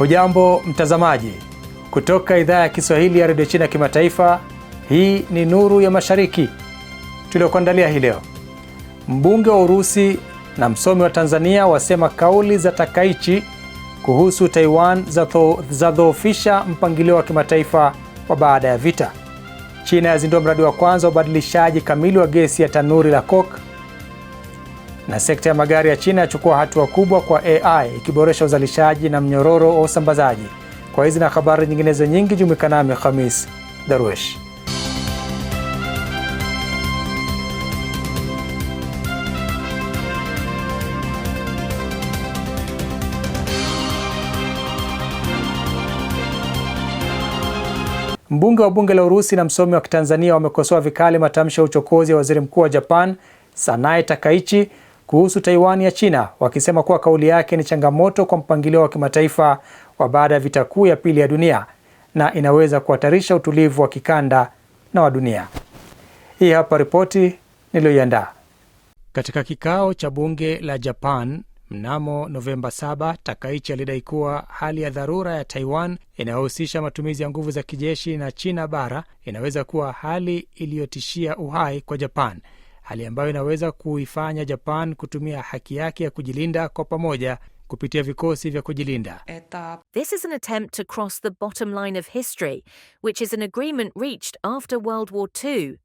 Hujambo mtazamaji kutoka idhaa ya Kiswahili ya redio China ya kimataifa. Hii ni Nuru ya Mashariki tuliokuandalia hii leo. Mbunge wa Urusi na msomi wa Tanzania wasema kauli za Takaichi kuhusu Taiwan zadhoofisha mpangilio wa kimataifa wa baada ya vita. China yazindua mradi wa kwanza wa ubadilishaji kamili wa gesi ya tanuri la coke na sekta ya magari ya China yachukua hatua kubwa kwa AI ikiboresha uzalishaji na mnyororo wa usambazaji. Kwa hizi na habari nyinginezo nyingi, jumuika nami Khamis Darwish. Mbunge wa bunge la Urusi na msomi wa Kitanzania wamekosoa vikali matamshi ya uchokozi ya waziri mkuu wa Japan Sanae Takaichi kuhusu Taiwan ya China, wakisema kuwa kauli yake ni changamoto kwa mpangilio wa kimataifa wa baada ya vita kuu ya pili ya dunia na inaweza kuhatarisha utulivu wa kikanda na wa dunia. Hii hapa ripoti niliyoiandaa. Katika kikao cha bunge la Japan mnamo Novemba 7, Takaichi alidai kuwa hali ya dharura ya Taiwan inayohusisha matumizi ya nguvu za kijeshi na China bara inaweza kuwa hali iliyotishia uhai kwa Japan hali ambayo inaweza kuifanya Japan kutumia haki yake ya kujilinda kwa pamoja kupitia vikosi vya kujilinda. This is an attempt to cross the bottom line of history, which is an agreement reached after World War II.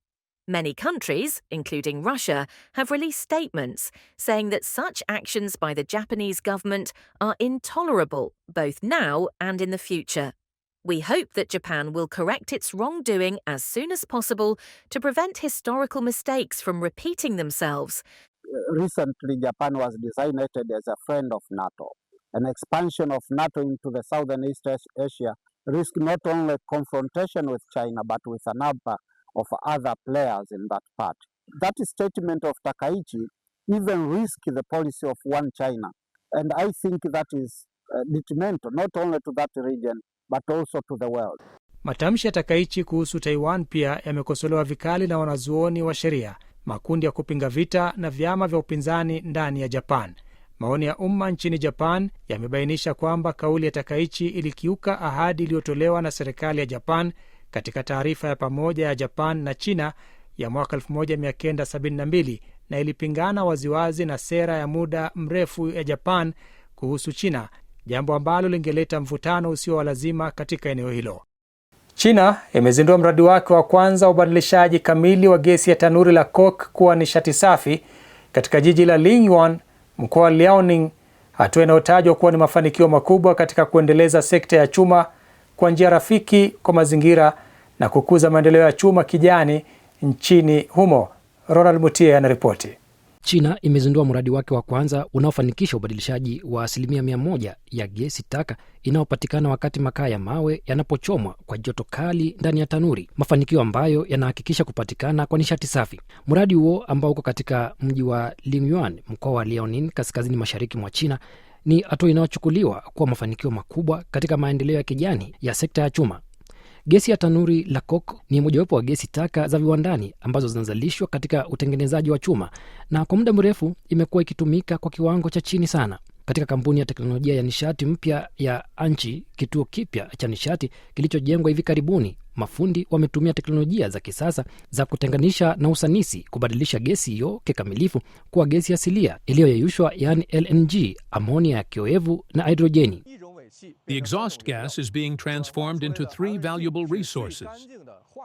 Many countries, including Russia, have released statements saying that such actions by the Japanese government are intolerable both now and in the future. We hope that Japan will correct its wrongdoing as soon as possible to prevent historical mistakes from repeating themselves. Recently, Japan was designated as a friend of NATO. An expansion of NATO into the southern East Asia risks not only confrontation with China but with a number of other players in that part. That statement of Takaichi even risks the policy of one China. And I think that is uh, detrimental not only to that region but also to the world. Matamshi ya Takaichi kuhusu Taiwan pia yamekosolewa vikali na wanazuoni wa sheria, makundi ya kupinga vita na vyama vya upinzani ndani ya Japan. Maoni ya umma nchini Japan yamebainisha kwamba kauli ya Takaichi ilikiuka ahadi iliyotolewa na serikali ya Japan katika taarifa ya pamoja ya Japan na China ya mwaka 1972 na ilipingana waziwazi na sera ya muda mrefu ya Japan kuhusu China jambo ambalo lingeleta mvutano usio wa lazima katika eneo hilo. China imezindua mradi wake wa kwanza wa ubadilishaji kamili wa gesi ya tanuri la coke kuwa nishati safi katika jiji la Lingyuan, mkoa wa Liaoning, hatua inayotajwa kuwa ni mafanikio makubwa katika kuendeleza sekta ya chuma kwa njia rafiki kwa mazingira na kukuza maendeleo ya chuma kijani nchini humo. Ronald Mutie anaripoti. China imezindua mradi wake wa kwanza unaofanikisha ubadilishaji wa asilimia mia moja ya gesi taka inayopatikana wakati makaa ya mawe yanapochomwa kwa joto kali ndani ya tanuri, mafanikio ambayo yanahakikisha kupatikana kwa nishati safi. Mradi huo ambao uko katika mji wa Lingyuan, mkoa wa Liaoning, kaskazini mashariki mwa China, ni hatua inayochukuliwa kuwa mafanikio makubwa katika maendeleo ya kijani ya sekta ya chuma. Gesi ya tanuri la coke ni mojawapo wa gesi taka za viwandani ambazo zinazalishwa katika utengenezaji wa chuma na kwa muda mrefu imekuwa ikitumika kwa kiwango cha chini sana katika kampuni ya teknolojia ya nishati mpya ya Anchi, kituo kipya cha nishati kilichojengwa hivi karibuni, mafundi wametumia teknolojia za kisasa za kutenganisha na usanisi kubadilisha gesi hiyo kikamilifu kuwa gesi asilia iliyoyeyushwa, yaani LNG, amonia ya kioevu na hidrojeni. The exhaust gas is being transformed into three valuable resources.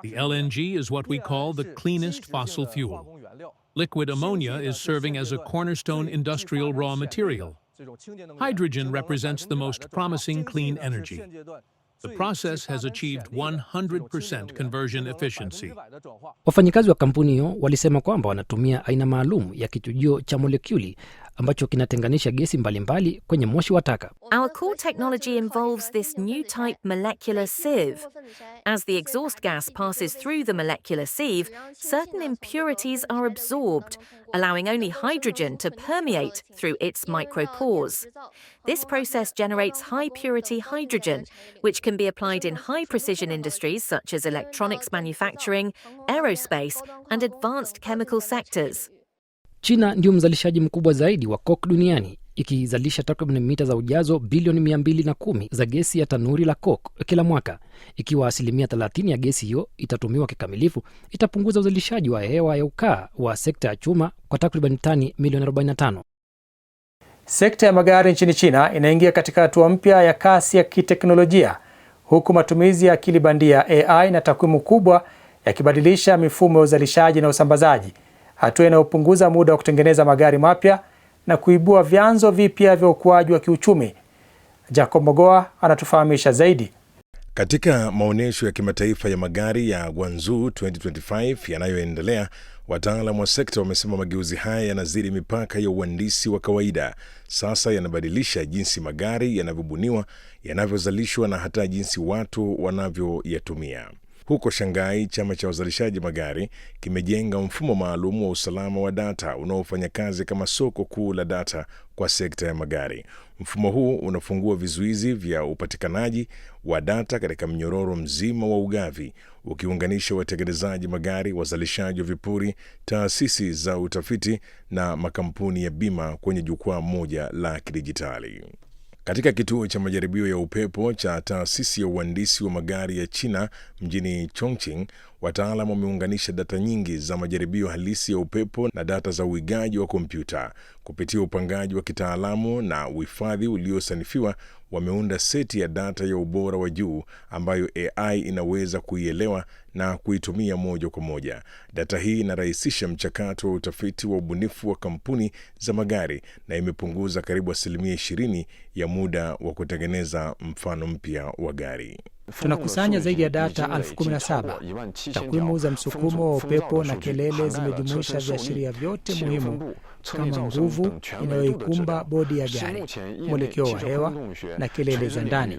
The LNG is what we call the cleanest fossil fuel. Liquid ammonia is serving as a cornerstone industrial raw material. Hydrogen represents the most promising clean energy. The process has achieved 100% conversion efficiency. Wafanyikazi wa kampuni hiyo walisema kwamba wanatumia aina maalum ya kichujio cha molekuli ambacho kinatenganisha gesi mbalimbali kwenye moshi wa taka. Our core technology involves this new type molecular sieve. As the exhaust gas passes through the molecular sieve, certain impurities are absorbed, allowing only hydrogen to permeate through its micropores. This process generates high purity hydrogen, which can be applied in high precision industries such as electronics manufacturing, aerospace, and advanced chemical sectors. China ndio mzalishaji mkubwa zaidi wa cok duniani ikizalisha takriban mita za ujazo bilioni 210 za gesi ya tanuri la cok kila mwaka. Ikiwa asilimia 30 ya gesi hiyo itatumiwa kikamilifu, itapunguza uzalishaji wa hewa ya ukaa wa sekta ya chuma kwa takriban tani milioni 45. Sekta ya magari nchini China inaingia katika hatua mpya ya kasi ya kiteknolojia huku matumizi ya akili bandia AI na takwimu kubwa yakibadilisha mifumo ya uzalishaji na usambazaji hatua inayopunguza muda wa kutengeneza magari mapya na kuibua vyanzo vipya vya ukuaji wa kiuchumi. Jacob Mogoa anatufahamisha zaidi. Katika maonyesho ya kimataifa ya magari ya Guangzhou 2025 yanayoendelea, wataalam wa sekta wamesema mageuzi haya yanazidi mipaka ya uhandisi wa kawaida. Sasa yanabadilisha jinsi magari yanavyobuniwa, yanavyozalishwa na hata jinsi watu wanavyoyatumia. Huko Shanghai, chama cha wazalishaji magari kimejenga mfumo maalum wa usalama wa data unaofanya kazi kama soko kuu la data kwa sekta ya magari. Mfumo huu unafungua vizuizi vya upatikanaji wa data katika mnyororo mzima wa ugavi, ukiunganisha watengenezaji magari, wazalishaji wa vipuri, taasisi za utafiti na makampuni ya bima kwenye jukwaa moja la kidijitali. Katika kituo cha majaribio ya upepo cha taasisi ya uhandisi wa magari ya China mjini Chongqing, wataalam wameunganisha data nyingi za majaribio halisi ya upepo na data za uigaji wa kompyuta kupitia upangaji wa kitaalamu na uhifadhi uliosanifiwa wameunda seti ya data ya ubora wa juu ambayo AI inaweza kuielewa na kuitumia moja kwa moja. Data hii inarahisisha mchakato wa utafiti wa ubunifu wa kampuni za magari na imepunguza karibu asilimia ishirini ya muda wa kutengeneza mfano mpya wa gari. Tunakusanya zaidi ya data elfu kumi na saba. Takwimu za msukumo wa upepo na kelele zimejumuisha viashiria vyote muhimu kama nguvu inayoikumba bodi ya gari, mwelekeo wa hewa na kelele za ndani.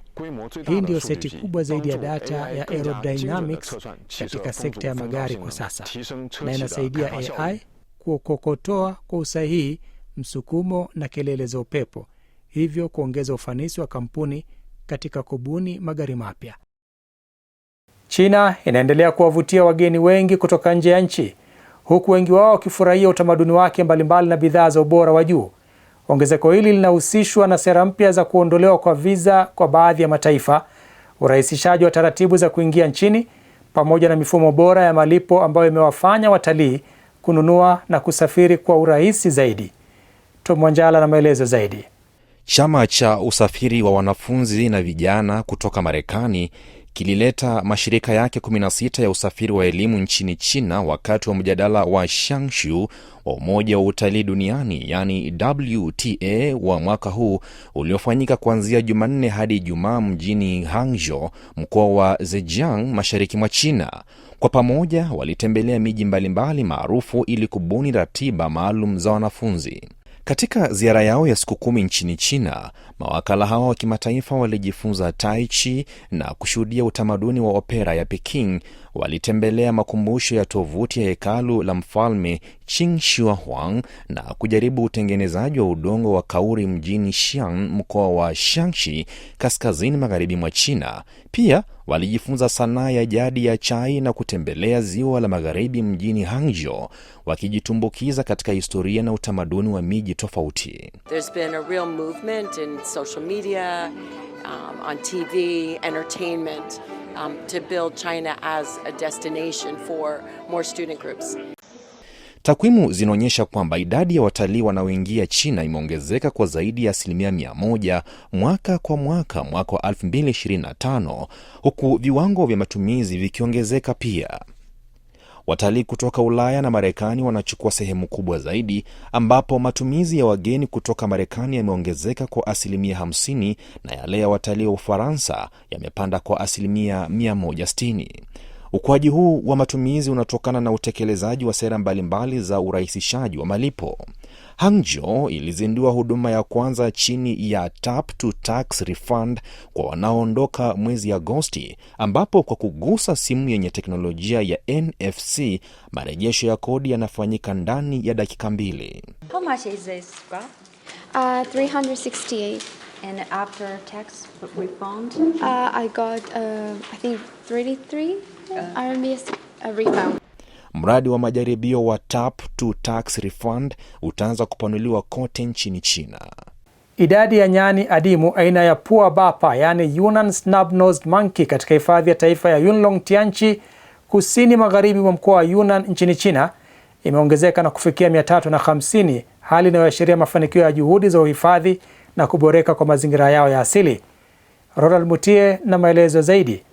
Hii ndiyo seti kubwa zaidi ya data ya aerodynamics katika sekta ya magari kwa sasa, na inasaidia AI kukokotoa kwa usahihi msukumo na kelele za upepo, hivyo kuongeza ufanisi wa kampuni katika kubuni magari mapya. China inaendelea kuwavutia wageni wengi kutoka nje ya nchi, huku wengi wao wakifurahia utamaduni wake mbalimbali na bidhaa za ubora wa juu. Ongezeko hili linahusishwa na sera mpya za kuondolewa kwa viza kwa baadhi ya mataifa, urahisishaji wa taratibu za kuingia nchini, pamoja na mifumo bora ya malipo ambayo imewafanya watalii kununua na kusafiri kwa urahisi zaidi. Tom Wanjala na maelezo zaidi. Chama cha usafiri wa wanafunzi na vijana kutoka Marekani kilileta mashirika yake 16 ya usafiri wa elimu nchini China wakati wa mjadala wa Shangshu wa Umoja wa Utalii Duniani, yaani WTA, wa mwaka huu uliofanyika kuanzia Jumanne hadi jumaa mjini Hangzhou, mkoa wa zejiang mashariki mwa China. Kwa pamoja walitembelea miji mbalimbali maarufu ili kubuni ratiba maalum za wanafunzi. Katika ziara yao ya siku kumi nchini China, mawakala hawa wa kimataifa walijifunza tai chi na kushuhudia utamaduni wa opera ya Peking walitembelea makumbusho ya tovuti ya hekalu la mfalme ching shuahuang Huang na kujaribu utengenezaji wa udongo wa kauri mjini shian mkoa wa shangshi kaskazini magharibi mwa China. Pia walijifunza sanaa ya jadi ya chai na kutembelea ziwa la magharibi mjini hangjo wakijitumbukiza katika historia na utamaduni wa miji tofauti. Um, um, to build China as a destination for more student groups. Takwimu zinaonyesha kwamba idadi ya watalii wanaoingia China imeongezeka kwa zaidi ya asilimia mia moja mwaka kwa mwaka mwaka wa 2025 huku viwango vya matumizi vikiongezeka pia. Watalii kutoka Ulaya na Marekani wanachukua sehemu kubwa zaidi, ambapo matumizi ya wageni kutoka Marekani yameongezeka kwa asilimia 50 na yale ya watalii wa Ufaransa yamepanda kwa asilimia 160. Ukuaji huu wa matumizi unatokana na utekelezaji wa sera mbalimbali za urahisishaji wa malipo. Hangzhou ilizindua huduma ya kwanza chini ya Tap to Tax Refund kwa wanaoondoka mwezi Agosti, ambapo kwa kugusa simu yenye teknolojia ya NFC marejesho ya kodi yanafanyika ndani ya dakika mbili. How much is this, Uh, 368. And after tax refund? Uh, I got, uh, I think 33 uh, RMB refund. Mradi wa majaribio wa tap to tax refund utaanza kupanuliwa kote nchini China. Idadi ya nyani adimu aina ya pua bapa, yani Yunnan snub-nosed monkey, katika hifadhi ya taifa ya Yunlong Tianchi kusini magharibi mwa mkoa wa Yunnan nchini China imeongezeka na kufikia 350, hali inayoashiria mafanikio ya juhudi za uhifadhi na kuboreka kwa mazingira yao ya asili. Ronald Mutie na maelezo zaidi.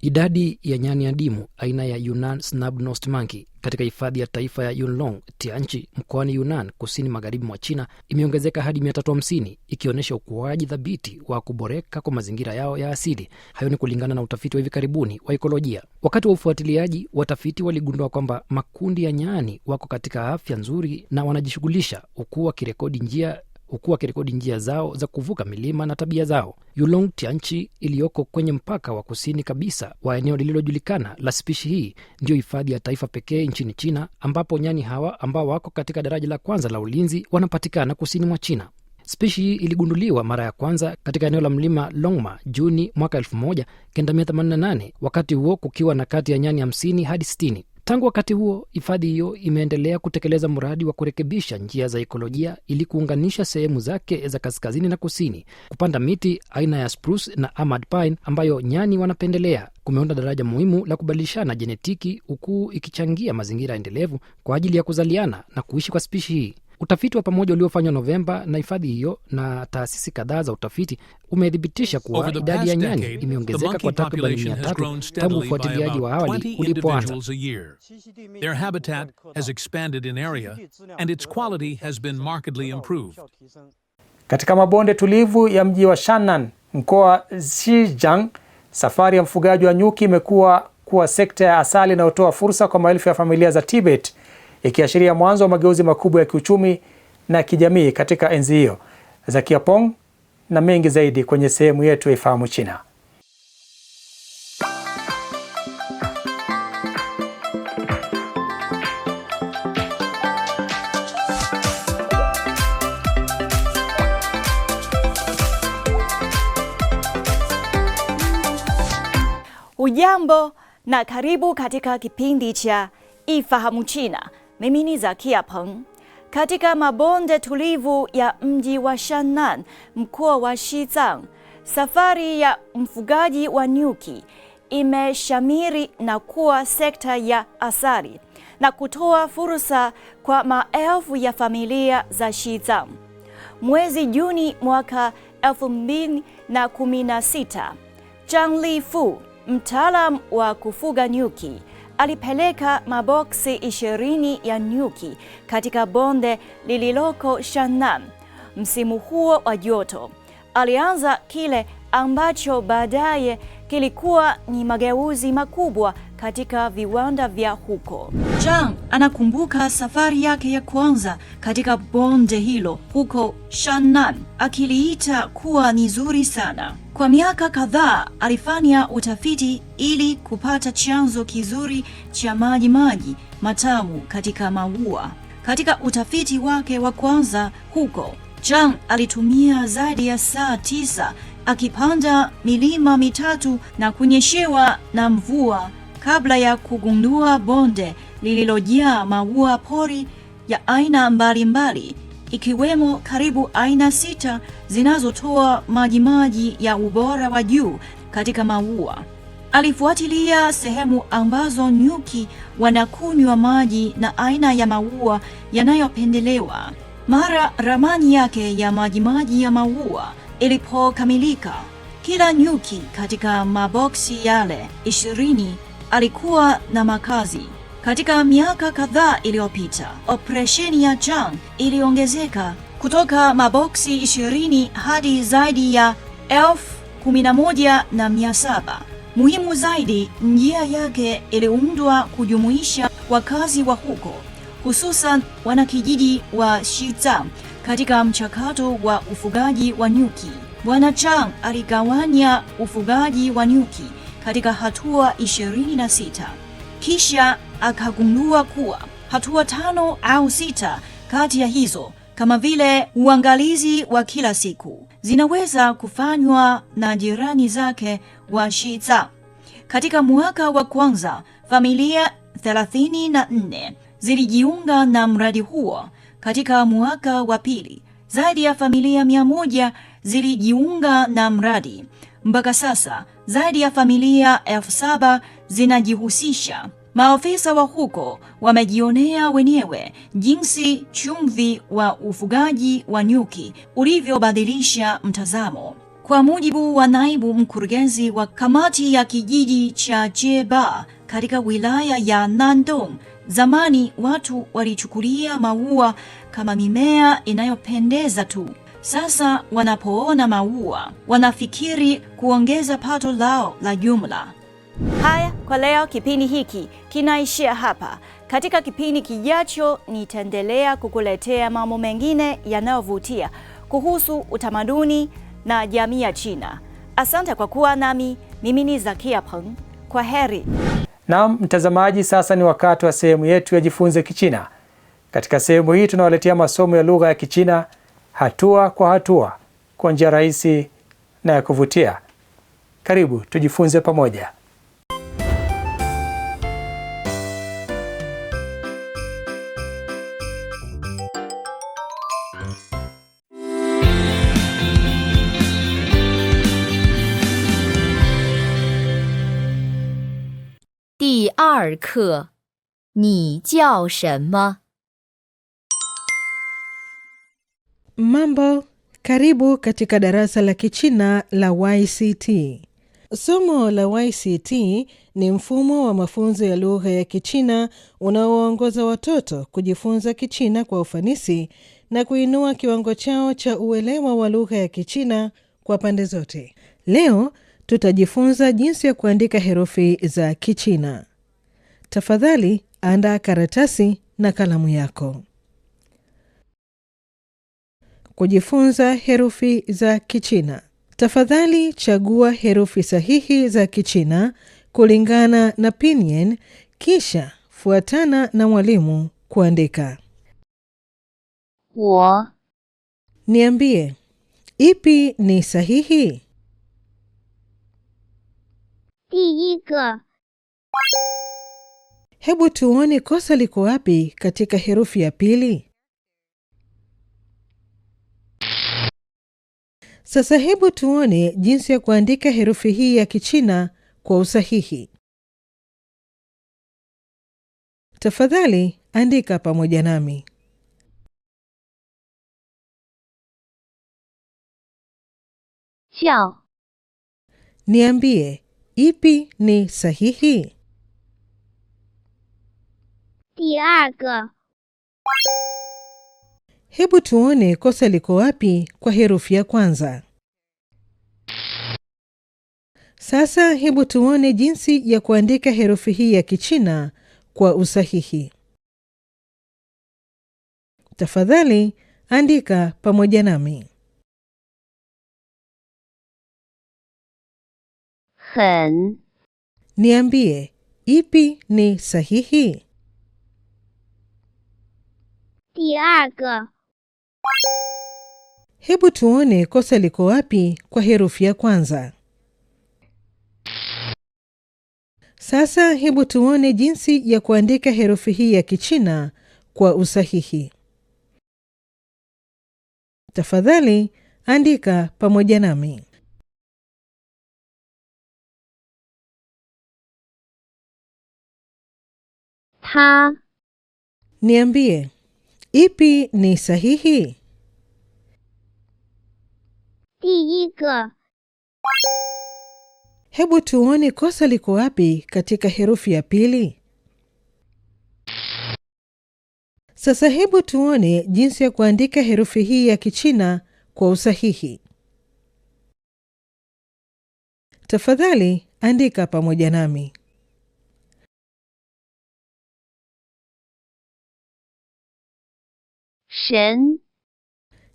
Idadi ya nyani adimu aina ya Yunnan snub-nosed monkey katika hifadhi ya taifa ya Yunlong Tianchi mkoani Yunnan kusini magharibi mwa China imeongezeka hadi 350 ikionyesha ukuaji thabiti wa kuboreka kwa mazingira yao ya asili. Hayo ni kulingana na utafiti wa hivi karibuni wa ekolojia. Wakati wa ufuatiliaji, watafiti waligundua kwamba makundi ya nyani wako katika afya nzuri na wanajishughulisha, huku wakirekodi njia huku wakirekodi njia zao za kuvuka milima na tabia zao. Yulong Tianchi iliyoko kwenye mpaka wa kusini kabisa wa eneo lililojulikana la spishi hii ndiyo hifadhi ya taifa pekee nchini China ambapo nyani hawa ambao wako katika daraja la kwanza la ulinzi wanapatikana kusini mwa China. Spishi hii iligunduliwa mara ya kwanza katika eneo la mlima Longma Juni mwaka 1988, wakati huo kukiwa na kati ya nyani 50 hadi 60. Tangu wakati huo, hifadhi hiyo imeendelea kutekeleza mradi wa kurekebisha njia za ikolojia ili kuunganisha sehemu zake za kaskazini na kusini, kupanda miti aina ya sprus na Ahmad pine ambayo nyani wanapendelea. Kumeunda daraja muhimu la kubadilishana jenetiki, hukuu ikichangia mazingira endelevu kwa ajili ya kuzaliana na kuishi kwa spishi hii. Utafiti wa pamoja uliofanywa Novemba na hifadhi hiyo na taasisi kadhaa za utafiti umethibitisha kuwa idadi ya nyani imeongezeka kwa takriban mia tatu tangu ufuatiliaji wa awali ulipoanza. Katika mabonde tulivu ya mji wa Shannan, mkoa Xinjiang, safari ya mfugaji wa nyuki imekuwa kuwa sekta ya asali inayotoa fursa kwa maelfu ya familia za Tibet ikiashiria mwanzo wa mageuzi makubwa ya kiuchumi na kijamii katika enzi hiyo. Zakia Pong na mengi zaidi kwenye sehemu yetu ya Ifahamu China. Ujambo na karibu katika kipindi cha Ifahamu China mimi ni za Kiapeng katika mabonde tulivu ya mji wa Shannan, mkoa wa Xizang. Safari ya mfugaji wa nyuki imeshamiri na kuwa sekta ya asali na kutoa fursa kwa maelfu ya familia za Xizang. Mwezi Juni mwaka 2016, Zhang Lifu, mtaalam wa kufuga nyuki alipeleka maboksi ishirini ya nyuki katika bonde lililoko Shannan. Msimu huo wa joto alianza kile ambacho baadaye kilikuwa ni mageuzi makubwa katika viwanda vya huko. Zhang anakumbuka safari yake ya kwanza katika bonde hilo huko Shannan, akiliita kuwa ni zuri sana. Kwa miaka kadhaa alifanya utafiti ili kupata chanzo kizuri cha maji maji matamu katika maua. Katika utafiti wake wa kwanza huko, Chang alitumia zaidi ya saa tisa akipanda milima mitatu na kunyeshewa na mvua kabla ya kugundua bonde lililojaa maua pori ya aina mbalimbali mbali ikiwemo karibu aina sita zinazotoa majimaji ya ubora wa juu katika maua. Alifuatilia sehemu ambazo nyuki wanakunywa maji na aina ya maua yanayopendelewa. Mara ramani yake ya majimaji ya maua ilipokamilika, kila nyuki katika maboksi yale ishirini alikuwa na makazi. Katika miaka kadhaa iliyopita, operesheni ya chang iliongezeka kutoka maboksi 20 hadi zaidi ya elfu kumi na moja na mia saba. Muhimu zaidi, njia yake iliundwa kujumuisha wakazi wa huko, hususan wanakijiji wa shita katika mchakato wa ufugaji wa nyuki. Bwana Chang aligawanya ufugaji wa nyuki katika hatua 26 kisha akagundua kuwa hatua tano au sita kati ya hizo kama vile uangalizi wa kila siku zinaweza kufanywa na jirani zake wa Shiza. Katika mwaka wa kwanza, familia 34 zilijiunga na mradi huo. Katika mwaka wa pili, zaidi ya familia mia moja zilijiunga na mradi. Mpaka sasa, zaidi ya familia elfu saba zinajihusisha maofisa wa huko wamejionea wenyewe jinsi chumvi wa ufugaji wa nyuki ulivyobadilisha mtazamo. Kwa mujibu wa naibu mkurugenzi wa kamati ya kijiji cha Jeba katika wilaya ya Nandong, zamani watu walichukulia maua kama mimea inayopendeza tu. Sasa wanapoona maua wanafikiri kuongeza pato lao la jumla. Haya kwa leo, kipindi hiki kinaishia hapa. Katika kipindi kijacho, nitaendelea kukuletea mambo mengine yanayovutia kuhusu utamaduni na jamii ya China. Asante kwa kuwa nami. Mimi ni Zakia Peng, kwa heri. Naam mtazamaji, sasa ni wakati wa sehemu yetu ya Jifunze Kichina. Katika sehemu hii tunawaletea masomo ya lugha ya Kichina hatua kwa hatua kwa njia rahisi na ya kuvutia. Karibu tujifunze pamoja. 二课，你叫什么？Mambo, karibu katika darasa la Kichina la YCT. Somo la YCT ni mfumo wa mafunzo ya lugha ya Kichina unaowaongoza watoto kujifunza Kichina kwa ufanisi na kuinua kiwango chao cha uelewa wa lugha ya Kichina kwa pande zote. Leo tutajifunza jinsi ya kuandika herufi za Kichina. Tafadhali andaa karatasi na kalamu yako. Kujifunza herufi za Kichina. Tafadhali chagua herufi sahihi za Kichina kulingana na Pinyin, kisha fuatana na mwalimu kuandika. Wa. Niambie, ipi ni sahihi? Hebu tuone kosa liko wapi katika herufi ya pili. Sasa hebu tuone jinsi ya kuandika herufi hii ya Kichina kwa usahihi. Tafadhali andika pamoja nami. Chao. Niambie ipi ni sahihi? 第二个。Hebu tuone kosa liko wapi kwa herufi ya kwanza. Sasa hebu tuone jinsi ya kuandika herufi hii ya Kichina kwa usahihi. Tafadhali andika pamoja nami. Hen. Niambie ipi ni sahihi? 第二个。Hebu tuone kosa liko wapi kwa herufi ya kwanza. Sasa hebu tuone jinsi ya kuandika herufi hii ya Kichina kwa usahihi. Tafadhali andika pamoja nami. Ha. Niambie. Ipi ni sahihi? 第一个 Hebu tuone kosa liko wapi katika herufi ya pili. Sasa hebu tuone jinsi ya kuandika herufi hii ya Kichina kwa usahihi. Tafadhali andika pamoja nami. question.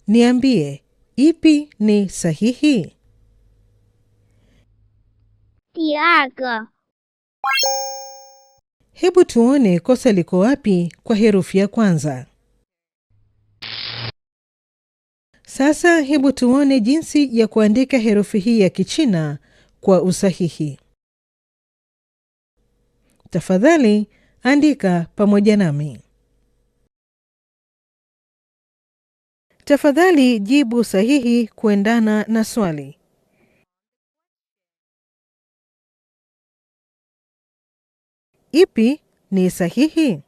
Niambie, ipi ni sahihi? 第二个 Hebu tuone kosa liko wapi kwa herufi ya kwanza. Sasa hebu tuone jinsi ya kuandika herufi hii ya Kichina kwa usahihi. Tafadhali andika pamoja nami. Tafadhali jibu sahihi kuendana na swali. Ipi ni sahihi?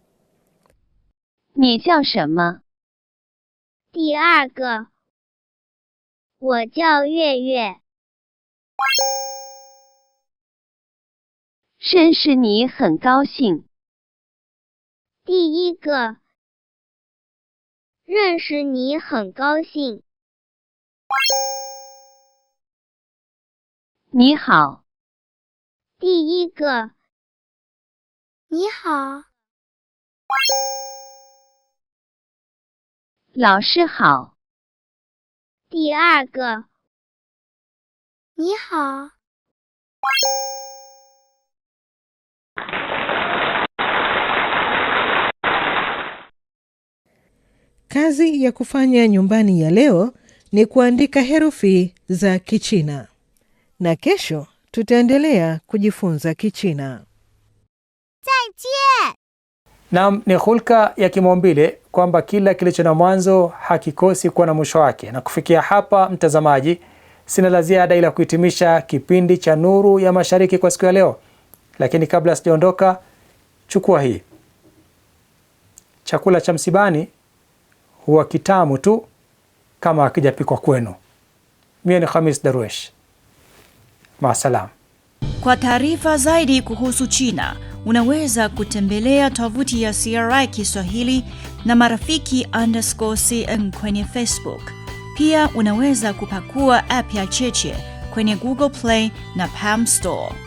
你叫什么？第二个，我叫月月。认识你很高兴。第一个，认识你很高兴。你好，第一个。你好，老师好。第二个，你好。Kazi ya kufanya nyumbani ya leo ni kuandika herufi za Kichina, na kesho tutaendelea kujifunza Kichina. Nam ni hulka ya kimaumbile kwamba kila kilicho na mwanzo hakikosi kuwa na mwisho wake. Na kufikia hapa, mtazamaji, sina la ziada ila kuhitimisha kipindi cha Nuru ya Mashariki kwa siku ya leo, lakini kabla sijaondoka, chukua hii chakula cha msibani huwa kitamu tu kama akijapikwa kwenu. Mie ni Khamis Darwesh, maasalam. Kwa taarifa zaidi kuhusu China unaweza kutembelea tovuti ya CRI Kiswahili na marafiki underscore cn kwenye Facebook. Pia unaweza kupakua app ya Cheche kwenye Google Play na Palm Store.